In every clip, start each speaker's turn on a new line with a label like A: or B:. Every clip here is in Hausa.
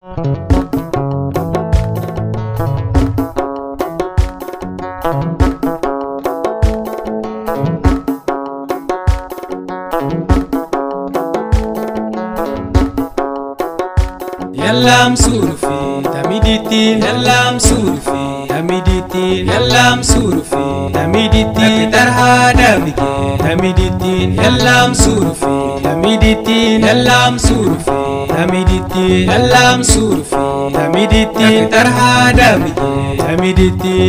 A: يلا مسورفي تميدتي يلا مسورفي تميدتي يلا مسورفي تميدتي ترها دمك تميدتي يلا مسورفي تميدتي يلا مسورفي hamiditti dallam surfi hamiditti tarha damite hamiditti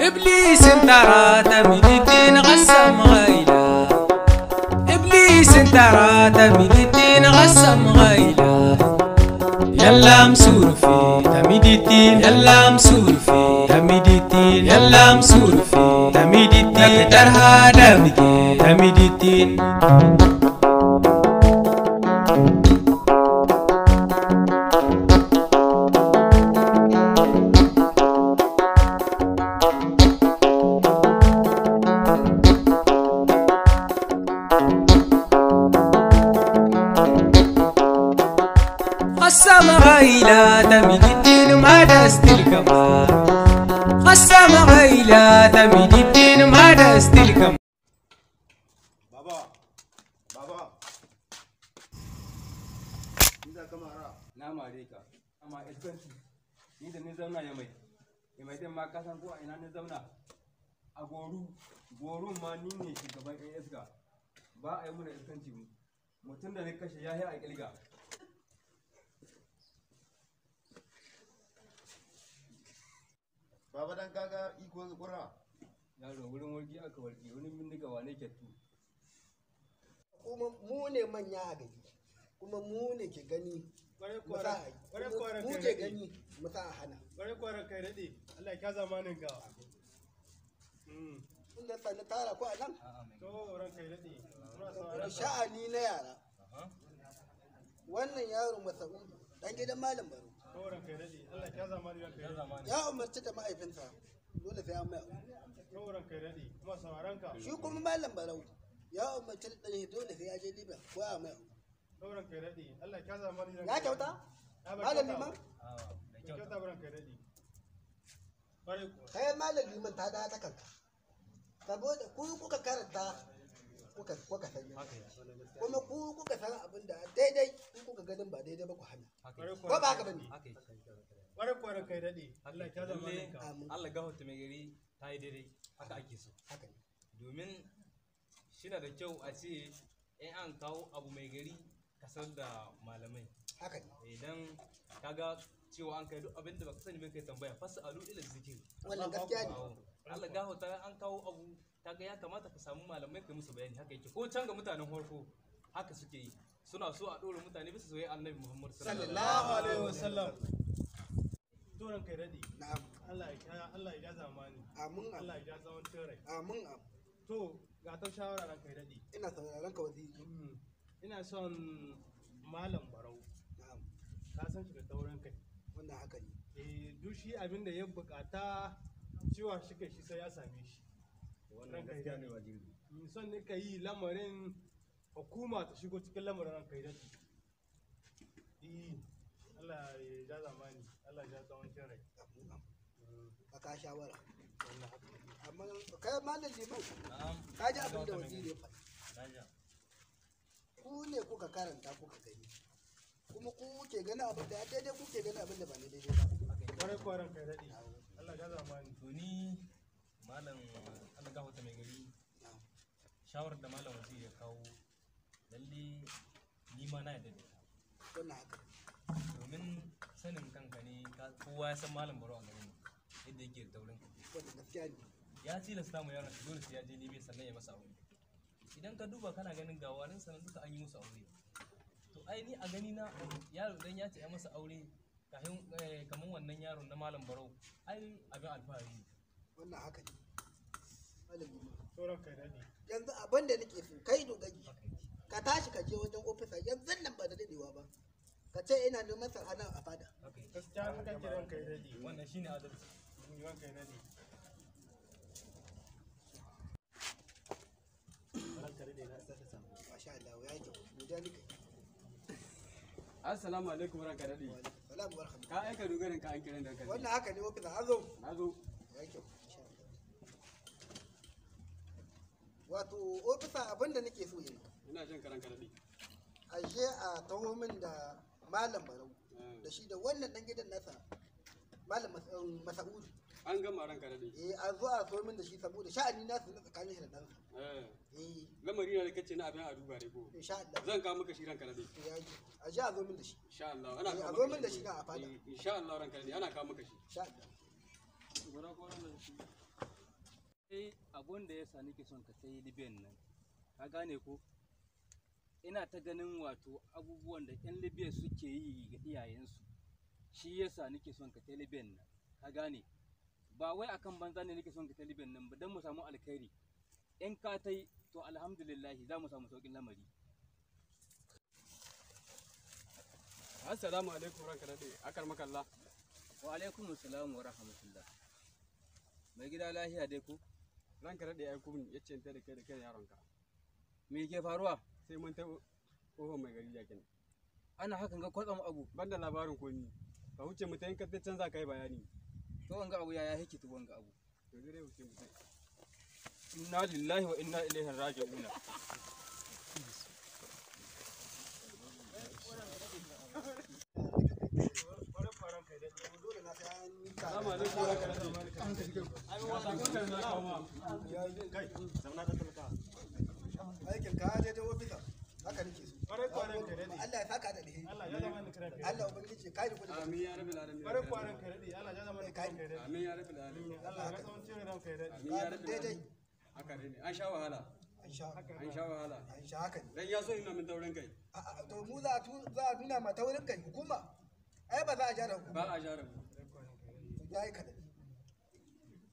A: إبليس ترى تمدت غسم غيلا إبليس ترى تمدت غسم غيلا surfi, dalam survei kami diti dalam survei kami surfi, dalam survei kami diti terhadap kami diti ta midin ma da stil kama Hassama gaila ma da stil kama Baba Baba Nida kamara na mareka amma ni da ni zauna ya mai ya mai ma kasan ko ina ne zauna a goru goru ma ni ne shugaban ASG ba a mutum da ne kashe ya a alƙalga baba dan kaga iko zukura yaro wurin wargi aka wargi wani bindiga wane kyattu
B: kuma mu ne manya a gari kuma mu ne ke gani
A: mu ke gani mu sa a hana kware kware kai rade Allah ya zamanin gawa hmm. kun da tsani tara ko a nan to ran kai daɗe sha'ani na
B: yara wannan yaro masa'un dan gidan malam baro
A: ya umarci da
B: mahaifinsa dole sai an mai shi kuma malam barau ya umarci da ɗan dole sai ya je libya
A: ko a mai ya kyauta malam liman ah,
B: kai malam liman ta da ta kanka saboda kuka karanta kuka sani
A: kuma
B: ku kuka san abin da daidai in kuka ganin ba daidai ba ku hana
A: ko ba haka bane kwarai kware kai dade Allah ya zama ka Allah gafarta mai gari ta yi daidai haka ake so haka domin shi na da kyau a ce in an kawo abu mai gari kasar da malamai haka idan kaga cewa an kai duk abin da baka sani bai kai tambaya fasa alu ilal zikir wannan gaskiya ne Allah gaho ta an kawo abu ta ga ya kamata ka samu malamai kai musu bayani haka yake ko can ga mutanen farko haka suke yi suna so a dora mutane bisa soyayya annabi Muhammad sallallahu alaihi wasallam doran kai radi na'am Allah ya Allah ya zamani amin Allah ya zaman tare amin to ga ta shawara ran kai radi
B: ina sauraron ka wasi hmm.
A: ina son malam barau na'am ka san shi da taurin kai wannan haka ne eh, duk shi abin da ya bukata cewa shi kai shi sai ya same shi wannan gaskiya ne wajibi in son ne ka yi lamarin hukuma ta shigo cikin lamarin ranka idan eh, Allah ya ja zamani Allah ya ja rai
B: ka ka shawara amma liman ka ji abin da ku ne kuka karanta kuka gani
A: kuma ku kuke
B: gani abin da daidai kuke gani abin da ba ne
A: daidai ba kwarai kwarai kai daɗi Allah ya zama ni to ni malam Allah gafarta mai gari shawar da malam wasu ya kawo lalle ni ma na yadda da ita haka domin sanin kanka ne kowa ya san malam baro a garin yadda yake da taurin ya tilasta mu yaron dole sai ya je ne bai sannan ya masa aure idan ka duba kana ganin gawarin sanan duka an yi musu aure ai ni a gani na yaro dan ya ce ya masa aure kafin eh, kaman wannan yaron na malam barau ai abin alfahari wannan haka ne
B: malami sauran kai da ne yanzu abin da nake so kai ka tashi ka je wajen ofisa yanzu nan ba da dadewa ba ka ce ina neman sarhana a fada
A: gaskiya ka wannan shine adalci ya sa ta samu masha Allah ya mu dalika Assalamu alaikum ranka dade. Salamu Ka aika dogarin ka an kiran da kai. Wannan haka
B: ne ofisa an zo. Na zo. Wato ofisa abinda nake so yi. Ina jin karan ka Ashe a taho min da Malam Barau eh. da shi da wannan dan gidan nasa Malam Masa'udu.
A: an gama ranka da dai eh a
B: zo a so min da shi saboda sha'ani na sun tsakanin shi da
A: dan eh. eh lamari na da kace na abin a duba dai ko insha eh, Allah zan kawo maka shi ranka da dai eh, a ji a zo min da shi insha Allah ana a zo min da shi na a fada insha Allah ranka da ana kawo maka shi insha Allah gura ko ran shi eh abun da yasa nake son ka sai liben nan ka gane ko ina ta ganin wato abubuwan da 'yan libya suke yi ga iyayensu shi yasa nake son ka sai libyan nan ka gane ba wai akan banza ne nake son ka ta nan ba dan mu samu alkhairi in ka tai to alhamdulillah za mu samu saukin lamari Assalamu alaikum ranka dade akar makalla wa alaikum assalam wa rahmatullah mai gida lafiya dai ku ranka dade ai kun yace ta da kai da kai yaronka. me yake faruwa sai mun ta kofar mai gari jakin ana hakan ga kwatsam abu banda labarin komi Ba huce mutayin ta yanka canza kai bayani to wanga abu yaya yake to wanga abu to gare ku inna lillahi wa inna ilaihi raji'un
B: Aikin ka je ta ofisa, haka nake bare kwaran Allah ya da Allah ya zama Allah ubangiji kai da kudi amin ya rabbil alamin bare kwaran
A: Allah ya zama amin ya rabbil alamin Allah ya zama amin ya rabbil alamin haka ne an sha wahala an sha wahala an sha haka dan ya so ina min taurin
B: kai to mu za tu za nuna ma taurin kai hukuma ai ba za a jara hukuma ba a jara yayi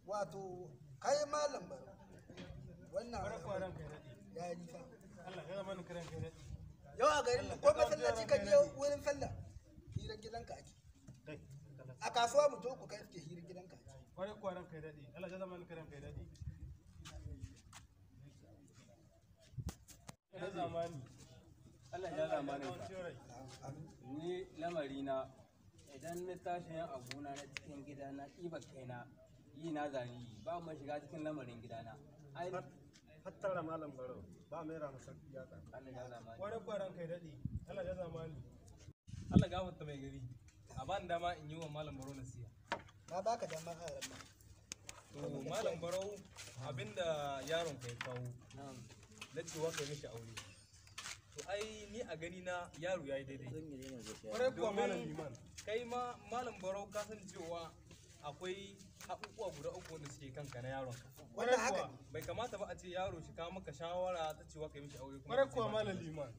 B: wato kai malam
A: wannan bare ya yi Allah ya zama yau a garin ko masallaci ka je
B: wurin sallah hirar gidanka ake a kasuwa mu to ku kai ke hirar gidanka ake
A: kwarai kwaran kai dadi Allah ya zama kai dadi na Allah ya ni lamari na idan na tashi yan abuna na cikin gidana ɗiba yi na zani ba mu shiga cikin lamarin gidana tattara malam ba mai wani baran kai daɗi Allah ya zamani Allah gafarta mai gari a ban dama in yi wa malam dama a rama to malam barau abinda yaron kai kawo na cewa kai mishi aure to ai ni a gani na yaro yayi daidai kwarai kuwa malam kai ma malam barau ka san cewa akwai abubuwa guda uku wanda suke kanka na yaron ka wanda haka bai kamata ba a ce yaro shi kawo maka shawara ta cewa kai mishi aure kuma kuwa malam liman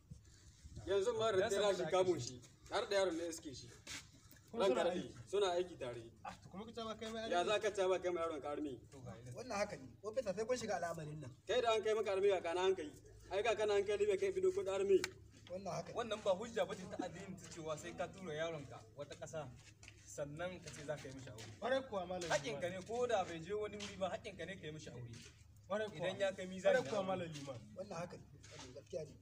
A: yanzu ma da tsira shi kamun shi har da yaron ne suke shi ran karfi suna aiki tare ah, kuma ka caba kai mai ya za ka caba kai mai yaron karmi wannan haka
B: ne ko fita sai
A: kun shiga al'amarin nan kai da an kai maka armi ga kana an kai ai ga kana an kai dibe kai bido kudin armi wannan haka wannan ba hujja bace ta addini ta cewa sai ka tura yaron ka wata ƙasa sannan ka ce za ka yi mishi aure ƙwarai kuwa malam Hakin ka ne ko da bai je wani wuri ba hakin ka ne ka yi mishi aure idan ya kai mizani ƙwarai kuwa malam ma.
B: wannan haka ne gaskiya ne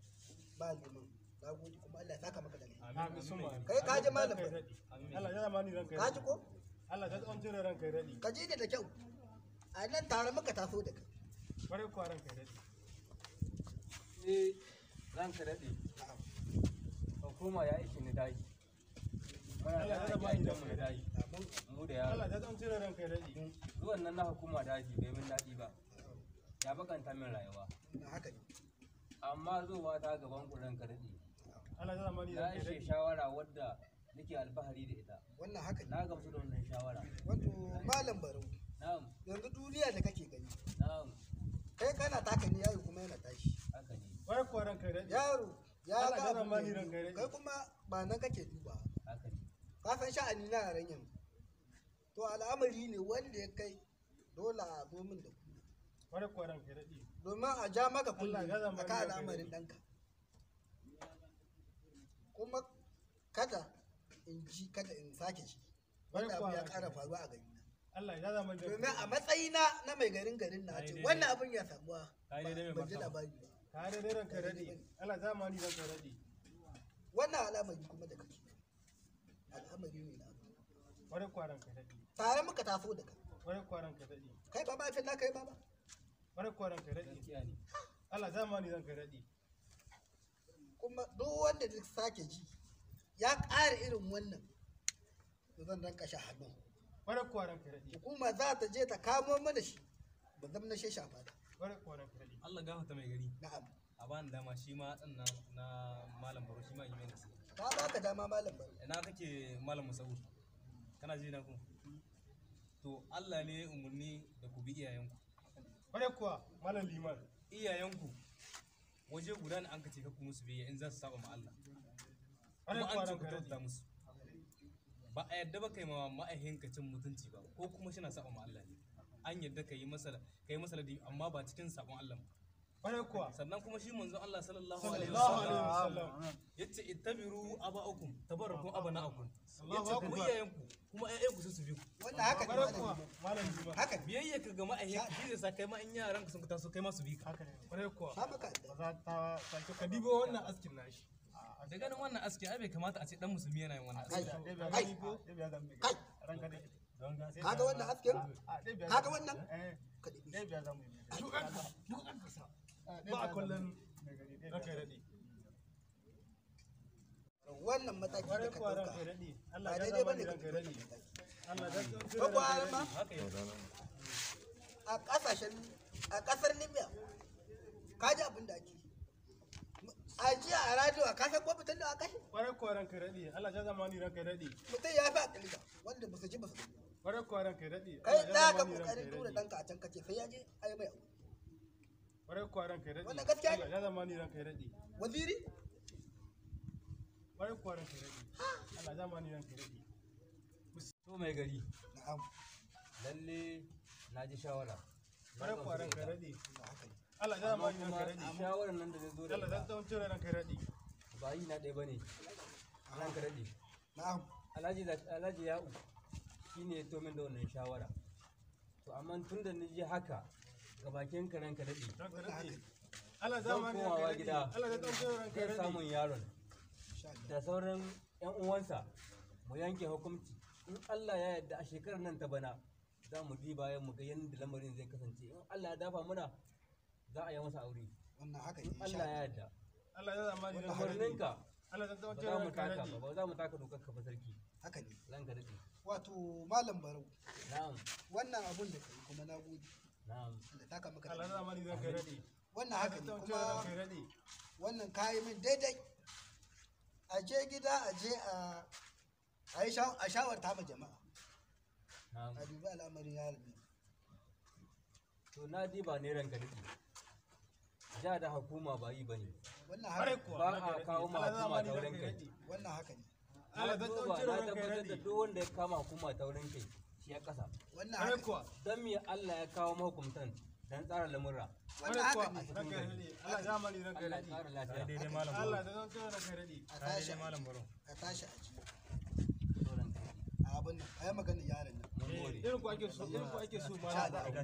B: ba liman na gode kuma Allah ya saka maka da alheri kai ka ji malam Allah ya zama ni ranka ka
A: ji ko Allah ta tsawon tura ranka ya daɗi ka ji da kyau
B: a nan tare muka taso da kai
A: ƙwarai kuwa ranka ya daɗi eh ranka daɗe ban koma ya aiki ni daki hukuma idan mu daji mu da yaro Allah ta zan cire ranka ya daji zuwan nan na hukuma daji bai min ba ya bakanta min rayuwa amma zuwa ta gaban ku ranka Allah ta zama ni da shawara wadda nake alfahari da ita wannan haka na gamsu da wannan shawara wato malam na'am yanzu duniya da kake gani na'am
B: kai kana taka ni yaro kuma yana tashi haka ne wai ko ranka yaro
A: ya ga kai kuma
B: ba nan kake duba ka san sha'ani na ran yanzu to al'amari ne wanda ya kai dole a domin da kuɗi
A: wani kwarai ka daɗi
B: domin a ja maka kuɗi a ka al'amarin ɗanka kuma kada in ji kada in sake ji
A: wanda abu ya ƙara faruwa a gari Allah ya zama da domin a matsayina
B: na mai garin garin na ce wannan abin ya samuwa ba ji labari ba ka da ka daɗi Allah zamani ka daɗi wannan al'amari kuma da kake al'amari ne na wani
A: kwaran ka daɗi tare muka taso daga wani kwaran ka daɗi kai kai wani kwaran ka daɗi Allah zan ka daɗi kuma
B: duk wanda duk sake ji ya ƙara irin wannan to zan ranka shi
A: hannu wani kwaran ka daɗi
B: hukuma za ta je ta kamo mana shi ba zan shi
A: wani kwaran ka daɗi Allah mai gari na'am a dama shi ma na malam baro shi ma yi mai
B: Na ba ka dama malam ba.
A: Ina kake malam Musa'ud? Kana ji na ku? To Allah ne ya umarni da ku bi iyayenku. Bare kuwa malam liman. Iyayenku waje guda ne an ka ce ka musu biyayya in za su saba ma Allah. Bare kuwa an ka ta musu. Ba a yadda ba kai ma ma'aihinka cin mutunci ba ko kuma shi na saba ma Allah ne. An yadda ka yi masa ka masa amma ba cikin sabon Allah ba. sannan kuma shi manzon Allah sallallahu alaihi wasallam yace ittabiru aba'akum tabarrakum abana'akum yace ku iyayenku kuma ƴaƴanku su su bi ku wanda haka ne malam jiba haka biyayya ka ga ma'ayyanka shi zai sa kai ma in yaran ka sun ka taso kai ma su bi ka haka ne kwarai kuwa ba ta ka dibo wannan askin nashi da ganin wannan aski abe kamata a ce dan musulmi yana yin wannan aski kai kaga wannan askin kaga wannan eh. ka dibi dai biya zamu yi duk an sa ba kullum raka
B: wannan mataki da ka ɗauka ba daidai ba ne ka ɗauka a ƙasashen a ƙasar libya ka ji abin da ake a a radio a kasar ko mutum da a kashe
A: kwarar kwarar ka allah ja mutum ya fi akalita wanda ba su ji ba su kwarar kai da ka kokarin tura ɗanka a can kace sai ya je ai mai abu Bare ya Waziri? So mai gari. Na'am. Lalle na ji shawara. Bare kuwa ranka ya daɗe. Allah zama ni ranka Shawaran nan da zai zo da. Allah zan tsawon cire ranka Ba yi na ɗaya ba ne. Ranka ya Na'am. Alhaji Ya'u shi ne ya to min da wannan shawara. To amma tun da ni ji haka ga bakin ka ranka daɗe Allah za mu kowa gida zai samun yaron da sauran yan uwansa mu yanke hukunci in Allah ya yarda a shekarar nan ta bana za mu bi bayan mu ga yadda lamarin zai kasance in Allah ya dafa muna za a yi masa aure wannan haka in Allah ya yarda Allah ya zama da murninka Allah zan zama ba mu taka ba ba za mu taka dokar ka ba sarki haka ne ranka daɗe wato
B: malam barau na'am wannan abun da kai kuma na gode taka maka
A: wannan haka ne kuma
B: wannan kayi min daidai a je gida a je a shawarta ma jama'a
A: a dubi al'amarin yarabi to na ji ba ne ranka ja da hukuma ba yi bane wannan haka ba a kawo ma hukuma wurin kai wannan haka ne ala da tsoron ranka dake duk wanda ya kama hukuma wurin kai ya kasa Wannan kuwa. Don me Allah ya kawo mahukuntan dan tsara lamurra. Wannan haka ne. Ranka ne. Allah zamani ranka Allah ya lafiya. malam Allah da zan tsara ranka ne. Ka tashi malam baro.
B: Ka tashi a ciki. Abin nan, ai magana yaran
A: nan. Eh, irin ku ake so, irin ku ake so malam eh,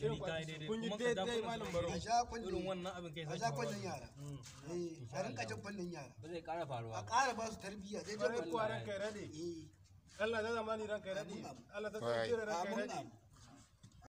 A: Irin ku ake so. Kun yi daidai malam baro. Irin wannan abin kai sai. A sha kwallon yara.
B: Mm. Eh, a rinka jin kwallon
A: yara. Ba zai ƙara faruwa. A ƙara ba su tarbiyya. Zai jin yara. Kwarai kai rade. Allah ta zamani ranka ya daɗe. Allah ta tsare ranka ya daɗi